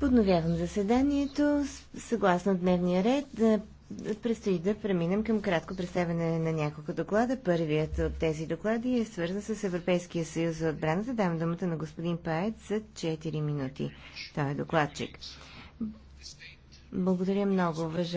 Подновявам заседанието. Съгласно дневния ред, предстои да преминем към кратко представяне на няколко доклада. Първият от тези доклади е свързан с Европейския съюз за отбраната. Давам думата на господин Паец за 4 минути. Той е докладчик. Благодаря много, уважаеми.